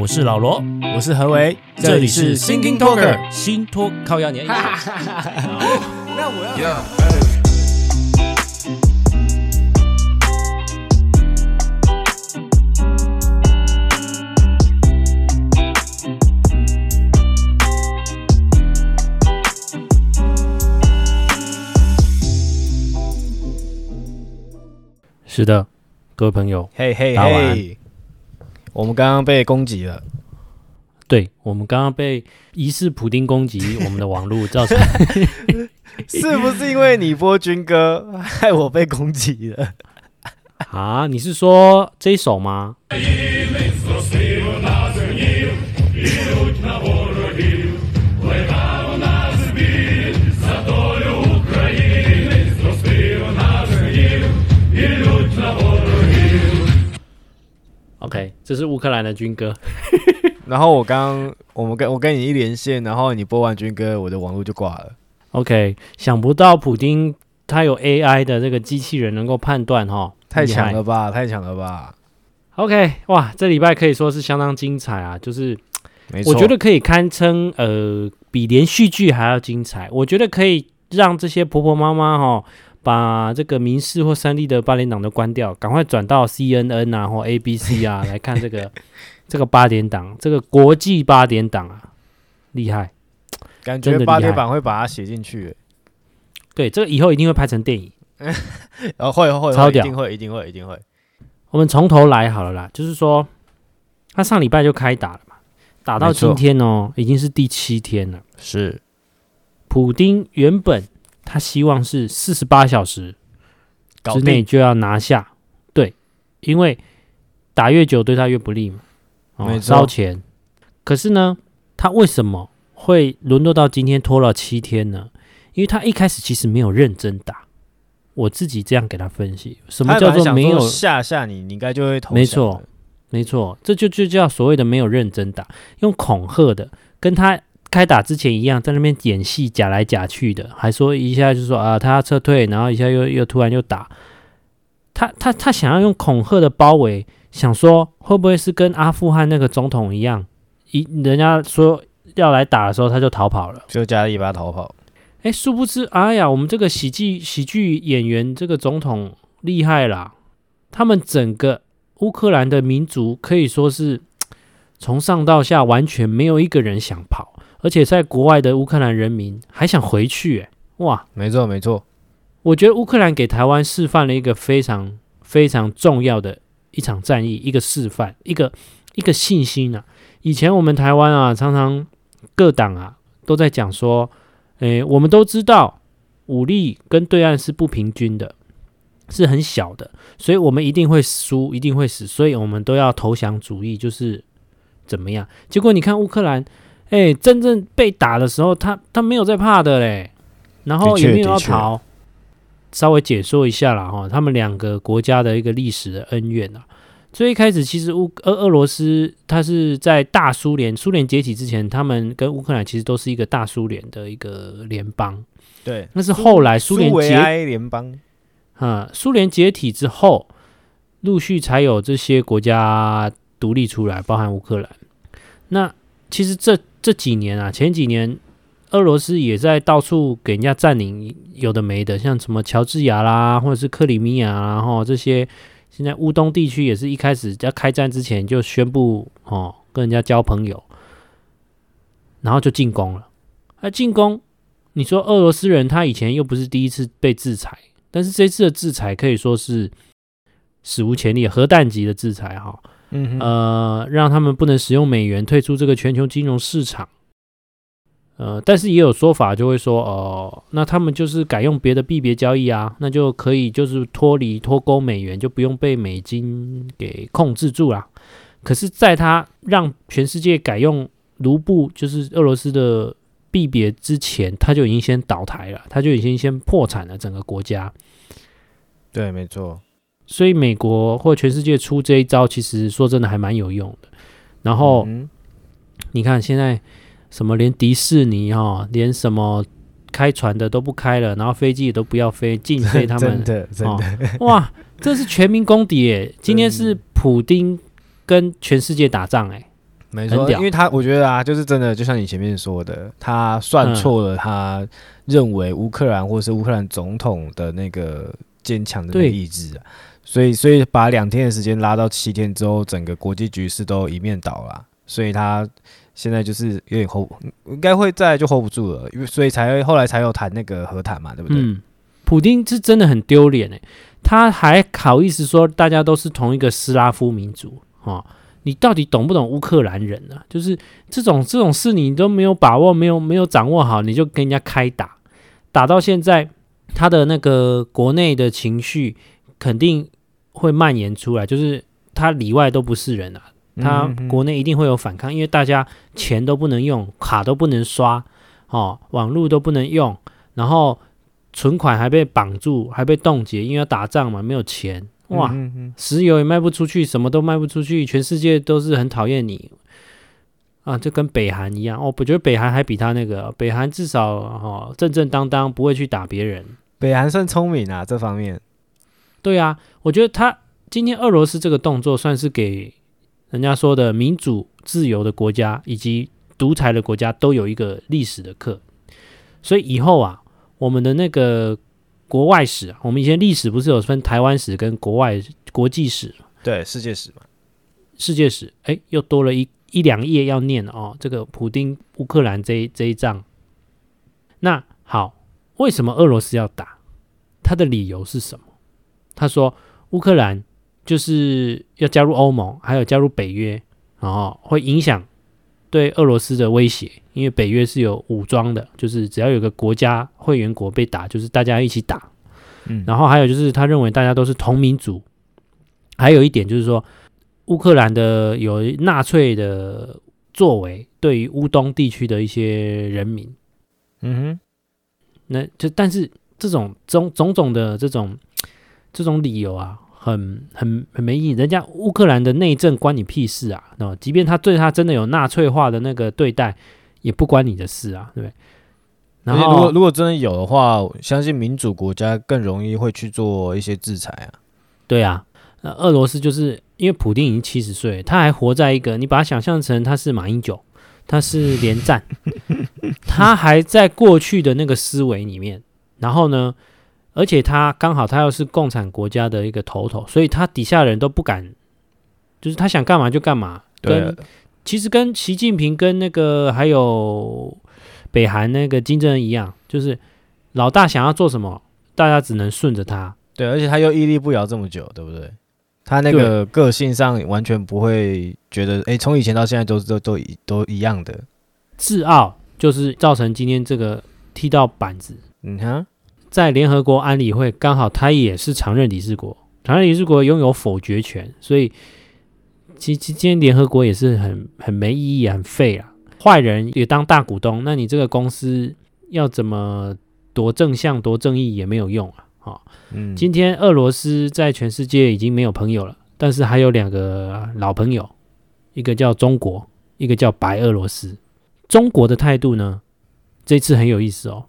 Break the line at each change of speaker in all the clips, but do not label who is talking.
我是老羅，我是何維，這裡是 Thinking Talker
辛托客壓年。是的，各位朋友，嘿嘿嘿。我們剛剛被攻擊了，對，我們剛剛被疑似普丁攻擊我們的網絡，造成。
是不是因為你播軍歌，害我被攻擊
了？ 啊，你是說這一首嗎？ 這是烏克蘭的軍歌，
然後我剛我們跟我跟你一連線，然後你播完軍歌，我的網絡就掛了。
OK，想不到普丁他有 AI 的這個機器人能夠判斷哈、哦，太強了吧，
厲害，太強了吧。
OK，哇，這禮拜可以說是相當精彩啊，就是我覺得可以堪稱呃比連續劇還要精彩，我覺得可以讓這些婆婆媽媽哈、哦。把這個民視或三立的八點檔都關掉，趕快轉到 C N N 啊，或 A B C 啊，來看這個 這個八點檔，這個國際八點檔啊，厲害，感覺八點檔會把它寫進去。對，這個以後一定會拍成電
影。哦、 啊，會會會，一定會一定
會一定會。定會我們從頭來好了啦，就是說，他上禮拜就開打了嘛，打到今天哦、喔，錯已經是第七天了。是，普丁原本，他希望是四十八小時之內就要拿下。對，因為打越久對他越不利嘛，啊，燒錢。可是呢，他為什麼會淪落到今天拖了七天呢？因為他一開始其實沒有認真打，我自己這樣給他分析，什麼叫做沒有嚇，
嚇你，你應該就會投降。沒錯，
沒錯，這就就叫所謂的沒有認真打，用恐嚇的跟他。開打之前一樣，在那邊演戲假來假去的，還說一下就說啊，他要撤退，然後一下又又突然又打他，他他想要用恐嚇的包圍，想說會不會是跟阿富汗那個總統一樣，一人家說要來打的時候他就逃跑了，就加了一把逃跑。哎，殊不知，啊，哎呀，我們這個喜劇喜劇演員這個總統厲害啦，他們整個烏克蘭的民族可以說是從上到下完全沒有一個人想跑。而且在國外的烏克蘭人民還想回去，欸，哎，哇，沒錯沒錯，我覺得烏克蘭給台灣示範了一個非常非常重要的一場戰役，一個示範，一個一個信心啊。以前我們台灣啊，常常各黨啊都在講說，哎，欸，我們都知道武力跟對岸是不平均的，是很小的，所以我們一定會輸，一定會死，所以我們都要投降主義，就是怎麼樣？結果你看烏克蘭。哎、欸，真正被打的時候，他他沒有在怕的嘞，然後也沒有要逃。稍微解說一下了。哈，他們兩個國家的一個歷史的恩怨啊。最一開始，其實烏俄俄羅斯，他是在大蘇聯，蘇聯解體之前，他們跟烏克蘭其實都是一個大蘇聯的一個聯邦。
對，那是後來蘇聯解體，
蘇聯、嗯、解體之後，陸續才有這些國家獨立出來，包含烏克蘭。那其實這。這幾年啊，前幾年俄羅斯也在到處給人家佔領，有的沒的，像什麼喬治亞啦，或者是克里米亞啦，然後這些現在烏東地區也是一開始在開戰之前就宣布哦跟人家交朋友，然後就進攻了。啊，進攻！你說俄羅斯人他以前又不是第一次被制裁，但是這次的制裁可以說是史無前例，核彈級的制裁哈。嗯哼呃，讓他們不能使用美元退出這個全球金融市場，呃，但是也有說法就會說，哦、呃，那他們就是改用別的幣別交易啊，那就可以就是脫離脫鈎美元，就不用被美金給控制住了、啊。可是，在他讓全世界改用盧布就是俄羅斯的幣別之前，他就已經先倒台了，他就已經先破產了整個國家。對，沒錯。所以美國或全世界出這一招，其實說真的還蠻有用的。然後你看現在什麼連迪士尼哈，連什麼開船的都不開了，然後飛機也都不要飛，禁飛他們。真的真的、哦、 哇，這是全民公敵哎！嗯、今天是普丁跟全世界打仗哎，屌沒錯，因為他我覺得啊，就是真的，就像你前面說的，他算錯了，他
認為烏克蘭或者是烏克蘭總統的那個堅強的意志所以，所以把兩天的時間拉到七天之後，整個國際局勢都一面倒了啊。所以他現在就是有點 hold，應該會再就 hold 不住了，所以才會後來
才有談那個和談嘛，對不對？嗯，普丁是真的很丟臉哎，他還好意思說大家都是同一個斯拉夫民族啊，哦？你到底懂不懂烏克蘭人呢，啊？就是這種這種事你都沒有把握，沒有沒有掌握好，你就跟人家開打，打到現在他的那個國內的情緒肯定會蔓延出來，就是他裡外都不是人啊！他國內一定會有反抗，嗯、哼哼，因為大家錢都不能用，卡都不能刷，哦，網絡都不能用，然後存款還被綁住，還被凍結，因為要打仗嘛，沒有錢，哇，嗯、哼哼石油也賣不出去，什麼都賣不出去，全世界都是很討厭你啊！就跟北韓一樣，哦、我覺得北韓還比他那個，北韓至少哦，正正當當不會去打別人，
北韓算聰明啊這方面。
對啊，我覺得他今天俄羅斯這個動作算是給人家說的民主自由的國家以及獨裁的國家都有一個歷史的課。所以以後啊，我們的那個國外史，我們以前歷史不是有分台灣史跟國外國際史，對，世界史嘛，世界史，哎，又多了一一兩頁要念哦。這個普丁烏克蘭這這一仗，那好，為什麼俄羅斯要打？他的理由是什麼？他說：“烏克蘭就是要加入歐盟，還有加入北約，然後會影響對俄羅斯的威脅，因為北約是有武裝的，就是只要有個國家會員國被打，就是大家一起打。嗯，然後還有就是他認為大家都是同民族，還有一點就是說烏克蘭的有納粹的作為，對於烏東地區的一些人民，嗯哼，那就但是這種種種種的這種。”這種理由啊，很很很沒意義。人家烏克蘭的內政關你屁事啊！即便他對他真的有納粹化的那個對待，也不關你的事啊，對。然後，如果如果真的有的話，相信民主國家更容易會去做一些制裁啊。對啊，那俄羅斯就是因為普丁已經七十歲，他還活在一個你把它想象成他是馬英九，他是連戰， 他還在過去的那個思維裡面。然後呢，而且他剛好他又是共產國家的一個頭頭，所以他底下人都不敢，就是他想幹嘛就幹嘛。跟對，其實跟習近平跟那個還有北韓那個金正恩一樣，就是老大想要做什麼，大家只能順着他。
對，而且他又屹立不搖這麼久，
對不對？他那個
個性上完全不會覺得，哎對，從以前到現在都都都都一，都一樣的
自傲，就是造成今天這個踢到板子。你看，嗯。在聯合國安理會，剛好他也是常任理事國，常任理事國擁有否決權，所以其實今天聯合國也是很很沒意義、很廢啊。壞人也當大股東，那你這個公司要怎麼奪正向、奪正義也沒有用啊！啊、哦，嗯，今天俄羅斯在全世界已經沒有朋友了，但是還有兩個老朋友，一個叫中國，一個叫白俄羅斯。中國的態度呢，這次很有意思哦。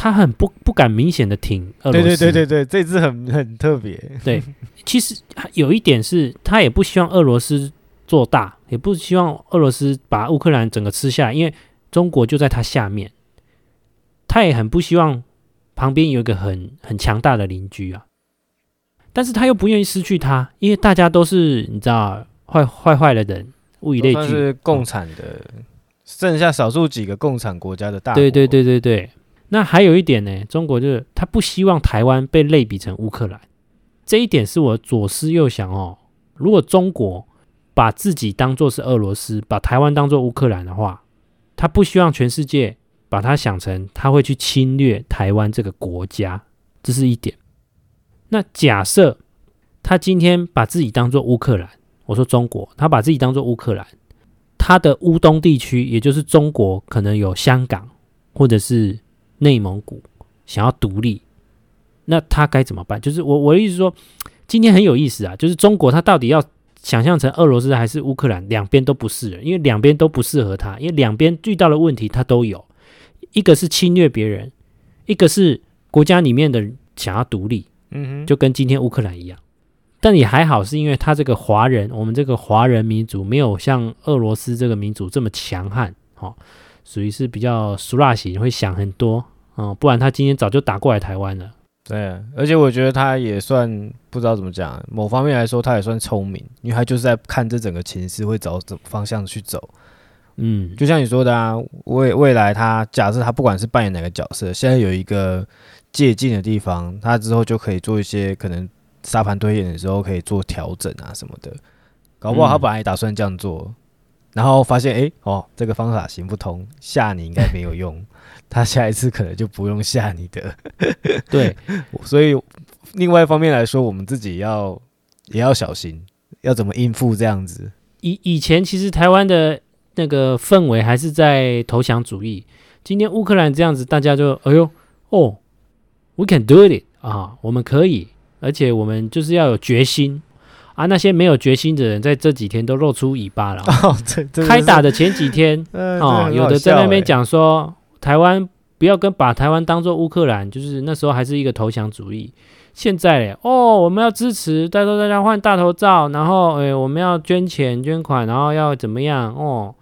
他很不不敢明顯的挺，俄羅斯，對對對對對，這次很很特別。對，其實他有一點是他也不希望俄羅斯做大，也不希望俄羅斯把烏克蘭整個吃下，因為中國就在他下面。他也很不希望旁邊有一個很很強大的鄰居啊，但是他又不願意失去他，因為大家都是你知道，壞壞壞的人，物以類聚，是
共產的，嗯、剩下少數幾個共產國家的大國。對對
對對對。那還有一點呢，中國就是他不希望台灣被類比成烏克蘭，這一點是我左思右想哦。如果中國把自己當做是俄羅斯，把台灣當做烏克蘭的話，他不希望全世界把他想成他會去侵略台灣這個國家，這是一點。那假設他今天把自己當做烏克蘭，我說中國，他把自己當做烏克蘭，他的烏東地區也就是中國可能有香港或者是。內蒙古想要獨立，那他該怎麼辦？就是我我的意思說，今天很有意思啊，就是中國他到底要想象成俄羅斯還是烏克蘭？兩邊都不是人，因為兩邊都不適合他，因為兩邊遇到的問題他都有，一個是侵略別人，一個是國家裡面的想要獨立，嗯哼，就跟今天烏克蘭一樣。但也還好，是因為他這個華人，我們這個華人民族沒有像俄羅斯這個民族這麼強悍，好。屬於是比較熟慮型，會想很多，嗯、哦，不然他今天早就打過來台灣了。對、啊，
而且我覺得他也算，不知道怎麼講，某方面來說他也算聰明，因為他就是在看這整個情勢會找怎麼方向去走。嗯，就像你說的、啊，未未來他假設他不管是扮演哪個角色，現在有一個借鏡的地方，他之後就可以做一些可能沙盤推演的時候可以做調整啊什麼的。搞不好他本來也打算這樣做。嗯然後發現，哎，哦，這個方法行不通，嚇你應該沒有用， 他下一次可能就不用嚇你的。 對，所以另外一方面來說，我們自己要也要小心，要怎麼應付這樣子。
以以前其實台灣的那個氛圍還是在投降主義，今天烏克蘭這樣子，大家就哎呦，哦，we can do it 啊，我們可以，而且我們就是要有決心。啊，那些沒有決心的人在這幾天都露出尾巴了。後、哦、開打的前幾天，哦，對有的在那邊講說台灣不要跟把台灣當做烏克蘭，就是那時候還是一個投降主義。現在咧哦，我們要支持，帶頭大家換大頭照，然後哎、欸，我們要捐錢捐款，然後要怎麼樣？哦，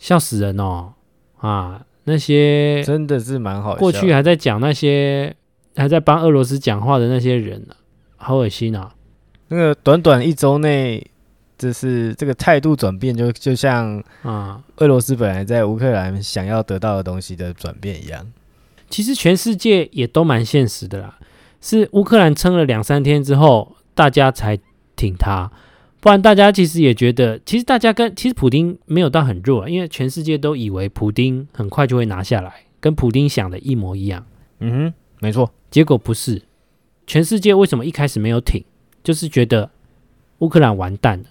笑死人哦！啊，那些真的是蠻好笑的，過去還在講那些還在幫俄羅斯講話的那些人呢，好惡心啊！
那個短短一周內，這是這個態度轉變就，就就像啊，俄羅斯本來在烏克蘭想要得到的東西的轉變一樣。
其實全世界也都蠻現實的啦，是烏克蘭撐了兩三天之後，大家才挺他。不然大家其實也覺得，其實大家跟其實普丁沒有到很弱，因為全世界都以為普丁很快就會拿下來，跟普丁想的一模一樣。嗯哼，沒錯。結果不是，全世界為什麼一開始沒有挺？就是覺得烏克蘭完蛋了，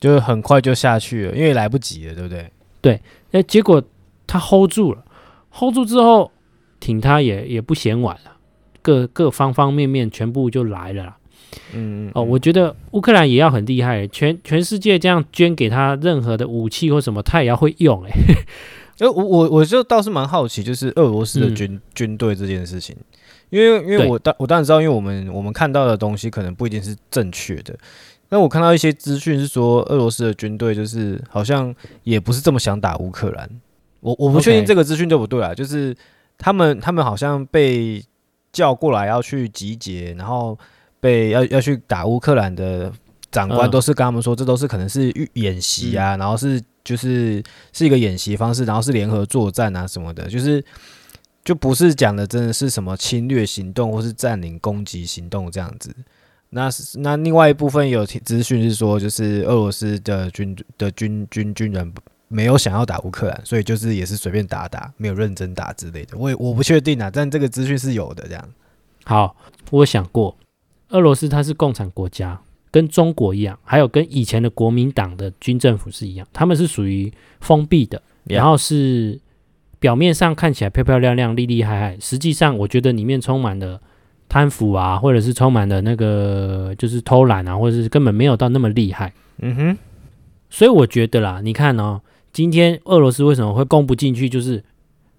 就很快就下去了，因為來不及了，對不對？對、呃，結果他 hold 住了，hold 住之後挺他也也不嫌晚了，各各方方面面全部就來了啦。嗯哦，嗯，我覺得烏克蘭也要很厲害、欸，全全世界這樣捐給他任何的武器，或什麼，他也要會用、欸
哎，我我我就倒是蠻好奇，就是俄羅斯的軍、嗯、軍隊這件事情，因為因為我當對 我當然知道，因為我們我們看到的東西可能不一定是正確的。但我看到一些資訊是說，俄羅斯的軍隊就是好像也不是這麼想打烏克蘭。我我不確定這個資訊就不對啦，Okay 就是他們他們好像被叫過來要去集結，然後被要要去打烏克蘭的。長官都是跟他們說，這都是可能是預演習啊，然後是就是是一個演習方式，然後是聯合作戰啊什麼的，就是就不是講的真的是什麼侵略行動或是占領攻擊行動這樣子。那那另外一部分有資訊是說，就是俄羅斯的軍的軍軍軍人沒有想要打烏克蘭，所以就是也是隨便打打，沒有認真打之類的。我也我不確定啊，但這個資訊是有的。這樣。
好，我想過俄羅斯它是共產國家。跟中國一樣，還有跟以前的國民黨的軍政府是一樣，他們是屬於封閉的，Yeah. 然後是表面上看起來漂漂亮亮，厲厲害害，實際上我覺得裡面充滿了貪腐啊，或者是充滿了那個就是偷懶啊，或者是根本沒有到那麼厲害。嗯哼、mm，hmm. 所以我覺得啦，你看哦，今天俄羅斯為什麼會攻不進去，就是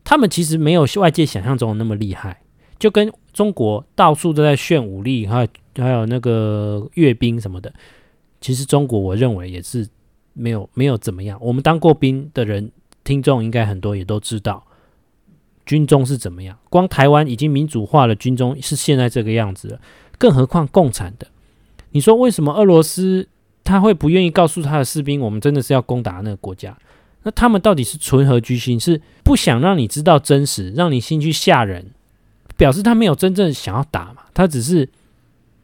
他們其實沒有外界想象中的那麼厲害，就跟中國到處都在炫武力還有那個閱兵什麼的，其實中國我認為也是沒有沒有怎麼樣。我們當過兵的人，聽眾應該很多也都知道，軍中是怎麼樣。光台灣已經民主化了，軍中是現在這個樣子了，更何況共產的。你說為什麼俄羅斯他會不願意告訴他的士兵，我們真的是要攻打那個國家？那他們到底是存何居心？是不想讓你知道真實，讓你心去嚇人，表示他沒有真正想要打嘛？他只是。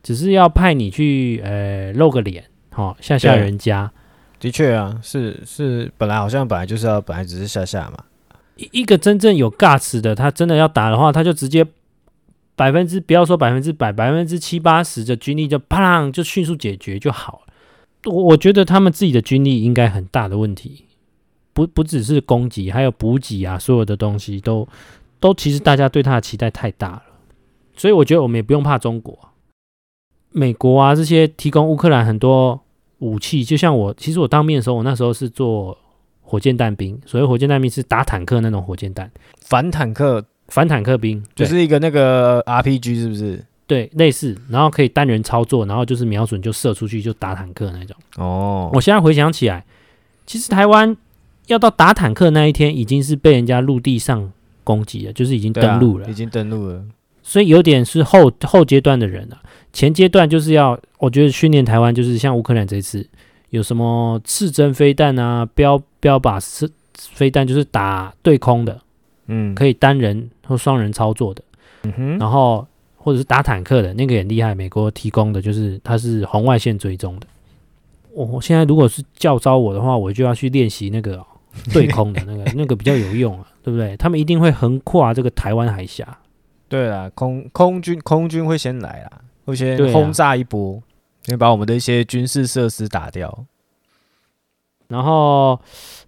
只是要派你去，呃，露個臉，好嚇嚇人家。的確啊，是是，本
來好像本來就是要本來只是嚇嚇嘛。
一一個真正有尬 a 的，他真的要打的話，他就直接百分之不要說百分之百，百分之七八十的軍力就啪就迅速解決就好了。我我覺得他們自己的軍力應該很大的問題，不不只是攻擊，還有補給啊，所有的東西都都其實大家對他的期待太大了，所以我覺得我們也不用怕中國。美國啊，這些提供烏克蘭很多武器，就像我，其實我當兵的時候，我那時候是做火箭彈兵，所謂火箭彈兵是打坦克那種火箭彈，反坦克，反坦克兵就是一個那個 RPG 是不是？對，類似，然後可以單人操作，然後就是瞄準就射出去就打坦克那種。哦，我現在回想起來，其實台灣要到打坦克那一天，已經是被人家陸地上攻擊了，就是已經登陸了、啊，已
經登陸了。
所以有點是後後階段的人了，啊，前階段就是要，我覺得訓練台灣就是像烏克蘭這次有什麼刺針飛彈啊，標標靶是飛彈就是打對空的，嗯，可以單人或雙人操作的，嗯哼，然後或者是打坦克的那個也很厲害，美國提供的就是它是紅外線追蹤的。我現在如果是徵召我的話，我就要去練習那個對空的那個那個比較有用啊，對不對？他們一定會橫跨這個台灣海峽。
對啦，空空軍空軍會先來啦，會先轟炸一波，啊、先把我們的一些軍事設施打掉。
然後，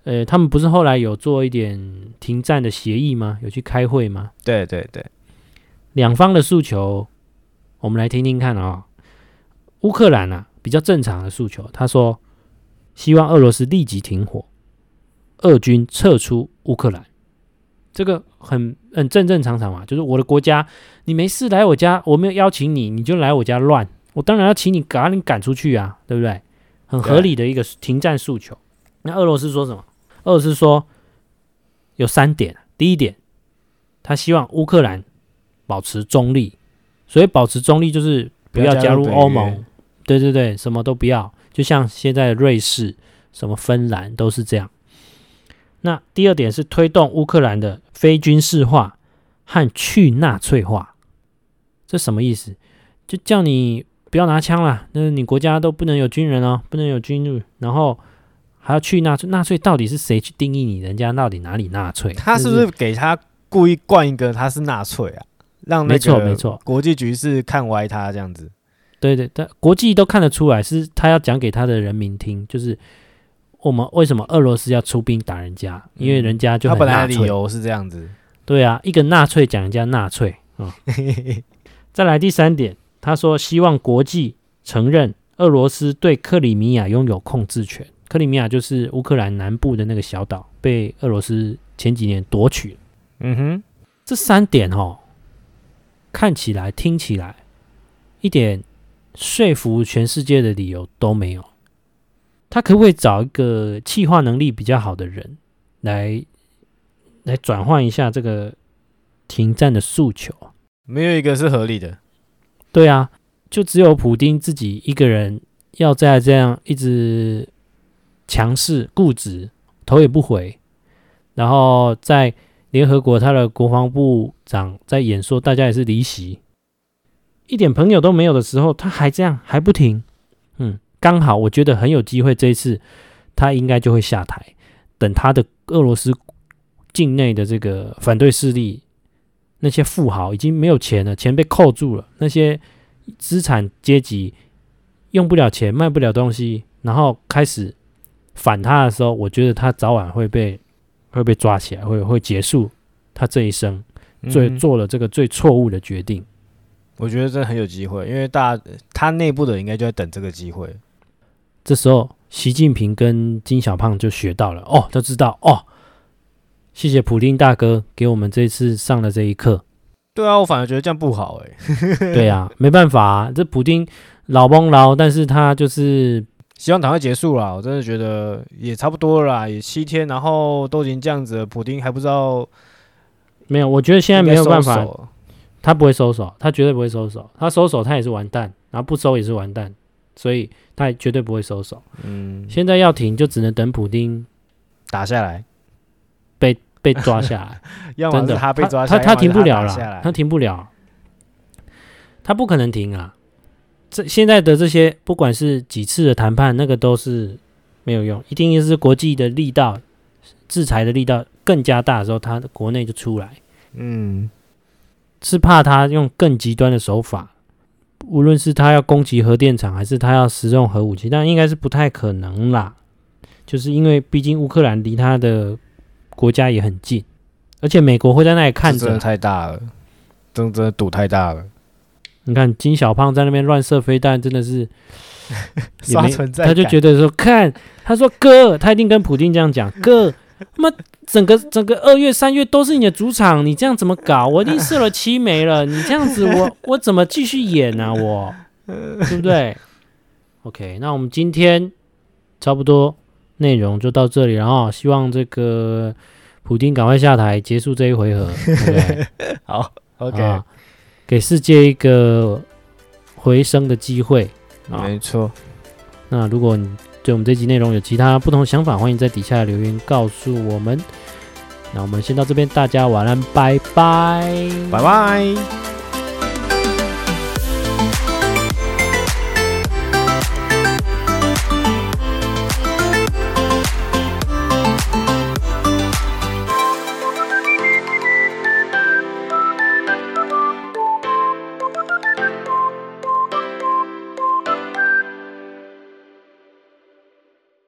呃、欸，他們不是後來有做一點停戰的協議嗎？有去開會嗎？對對對，兩方的訴求，我們來聽聽看啊、哦。烏克蘭啊，比較正常的訴求，他說希望俄羅斯立即停火，俄軍撤出烏克蘭。這個很。很正正常常嘛，就是我的國家，你沒事來我家，我沒有邀請你，你就來我家亂，我當然要請你趕緊趕出去啊，對不對？很合理的一個停戰訴求對。那俄羅斯說什麼？俄羅斯說有三點，第一點，他希望烏克蘭保持中立，所以保持中立就是不要加入歐盟，對對對，什麼都不要，就像現在瑞士、什麼芬蘭都是這樣。那第二點是推動烏克蘭的非軍事化和去納粹化，這什麼意思？就叫你不要拿槍啦，那你國家都不能有軍人哦，不能有軍隊，然後還要去納粹，納粹？到底是誰去定義你？人家到底哪裡納粹？他是不是給
他故意灌一個他是納粹啊？讓沒錯沒錯，國際局勢看歪他這樣子，
對對但國際都看得出來是他要講給他的人民聽，就是。我們為什麼俄羅斯要出兵打人家？因為人家就他本來理由是這樣子，對啊，一個納粹講人家納粹。嗯， 再來第三點，他說希望國際承認俄羅斯對克里米亞擁有控制權。克里米亞就是烏克蘭南部的那個小島，被俄羅斯前幾年奪取。嗯哼，這三點哦，看起來、聽起來一點說服全世界的理由都沒有。他可不可以找一個企劃能力比較好的人，來來轉換一下這個停戰的訴求？
沒有一個是合理的。
對啊，就只有普丁自己一個人要再這樣一直強勢、固執、頭也不回，然後在聯合國他的國防部長在演說，大家也是離席，一點朋友都沒有的時候，他還這樣還不停。剛好，我覺得很有機會。這一次，他應該就會下台。等他的俄羅斯境內的這個反對勢力，那些富豪已經沒有錢了，錢被扣住了，那些資產階級用不了錢，賣不了東西，然後開始反他的時候，我覺得他早晚會被會被抓起來，會會結束他這一生最，最、嗯、做了這個最錯誤的決定。我覺得這很有機會，因為大他內部的應該就在等
這個機會。
這時候，習近平跟金小胖就學到了哦，都知道哦。謝謝普丁大哥給我們這一次上了這一課。
對啊，我反而覺得這樣不好哎、欸。呵呵 對啊，
沒辦法、啊， 這普丁老崩老，但是他就是
希望趕快結束啦。我真的覺得也差不多啦，也七天，
然後都已經這樣子了，普丁還不知道沒有？我覺得現在沒有辦法，他不會收手，他絕對不會收手，他收手他也是完蛋，然後不收也是完蛋。所以他也絕對不會收手。嗯，現在要停就只能等普丁打下來，被被抓下來。要不，他被抓，他他停不了了、啊，他停不了、啊，他,啊、他不可能停啊！這現在的這些，不管是幾次的談判，那個都是沒有用。一定是國際的力道、制裁的力道更加大的時候，他國內就出來。嗯，是怕他用更極端的手法。無論是他要攻擊核電廠，還是他要使用核武器，但應該是不太可能啦，就是因為畢竟烏克蘭離他的國家也很近，而且美國會在那裡看着。真的太
大了，真的賭太大了。
你看金小胖在那邊亂射飛彈，真的是
也沒刷存在感。他就覺得
說，看，他說哥，他一定跟普丁這樣講，哥媽。整個整個二月三月都是你的主場，你這樣怎麼搞？我已經射了七枚了，你這樣子我，我我怎麼繼續演啊？我對不對？OK，那我們今天差不多內容就到這裡了，哦，然後希望這個普丁趕快下台，結束這一回合。Okay? 好，OK、啊、給世界一個回升的機會。沒錯、啊。那如果你。對，我們這集內容有其他不同的想法，歡迎在底下留言告訴我們。那我們先到這邊，大家晚安，拜拜，拜拜。